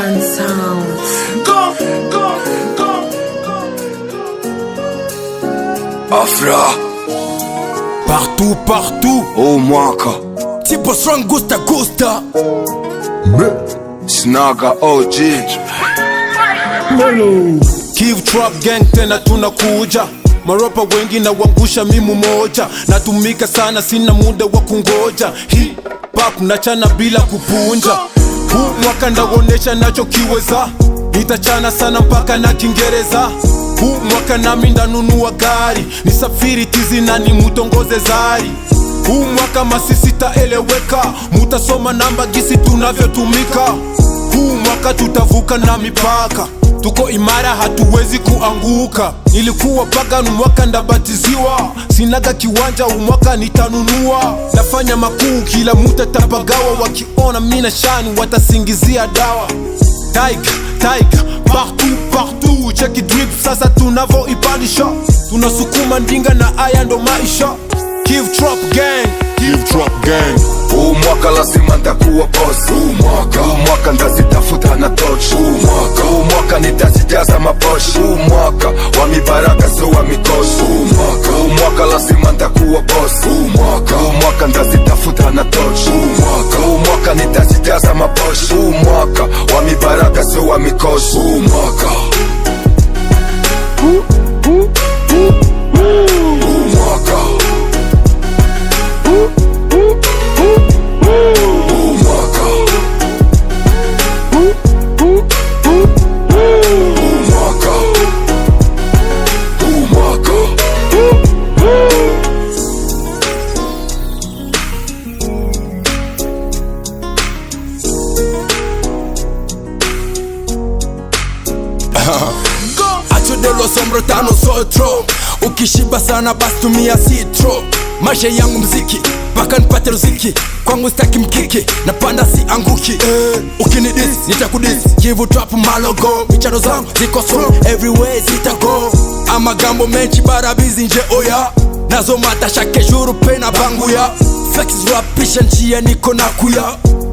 African sound. Go, go, go, go. Afra. Partout, partout. Oh, mwaka. Tipo strong gusta gusta. Me. Snaga OG. Melo. Kiv Trap Gang tena tunakuja maropa wengi na wangusha mimu moja natumika sana, sina muda wa kungoja. Hip hop nachana bila kupunja Go. Huu mwaka ndawonesha nachokiweza, nitachana sana mpaka na kingereza Huu mwaka nami ndanunua gari, nisafiri tizi na nimutongoze Zari. Huu mwaka masisi taeleweka, mutasoma namba gisi tunavyotumika. Huu mwaka tutavuka na mipaka tuko imara, hatuwezi kuanguka. Nilikuwa pagan mwaka ndabatiziwa, sinaga kiwanja umwaka nitanunua. Nafanya makuu kila muta tapagawa, wakiona mina shani watasingizia dawa. Taika, taika, partout, partout, cheki drip sasa ipadisha, tunasukuma ndinga na aya ndo maisha. Give drop Gang, Give drop Gang. Huu mwaka lazima ntakuwa boss, huu mwaka ndazitafuta na torch, huu mwaka sasa nitazijaza maposhi Huu mwaka wa mibaraka so wa mikosi. mwaka lazima ntakuwa bosi. Huu mwaka ndazitafuta na tochi somro tano sotro ukishiba sana basi tumia sitro maisha yangu mziki mpaka nipate ruziki kwangu staki mkiki na panda si anguki eh, ukinidis nitakudis kivu trap malogo michano zangu ziko so everywhere zitago gambo menchi barabizi nje oya nazo matashake shuru pena banguya flex rapisha njia niko nakuya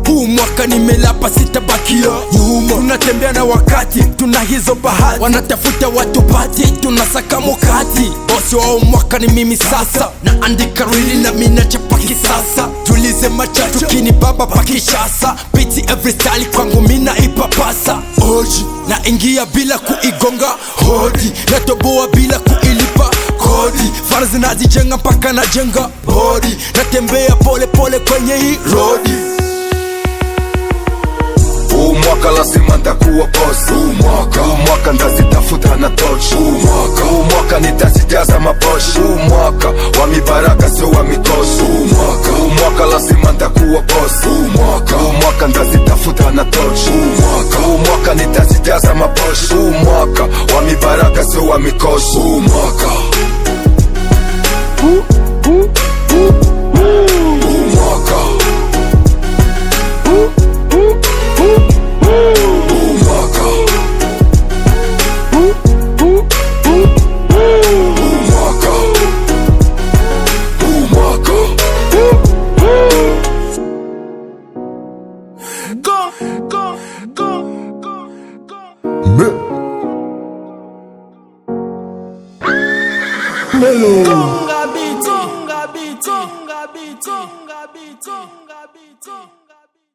huu mwaka nimelapa sitabakia nyuma. Tunatembea na wakati, tuna hizo bahati, wanatafuta watu pati, tunasaka mukati. Bosi wao mwaka ni mimi sasa, naandika rili na mina chapa kisasa. Tulize machachu kini baba pakishasa, piti every style kwangu mina ipapasa oji, naingia bila kuigonga hodi, natoboa bila kuilipa kodi farzi nazijenga mpaka najenga bodi, natembea pole pole kwenye hii rodi boss Umwaka umwaka ndazitafuta na torch Umwaka umwaka nitazijaza maposhi. Umwaka wa mibaraka sio wa mitoshi. Umwaka umwaka lazima ndakuwa boss Umwaka umwaka ndazitafuta na torch Umwaka umwaka nitazijaza maposhi. Umwaka wa mibaraka sio wa mikoshi. Umwaka Go, go, go, go, go. Melo. Conga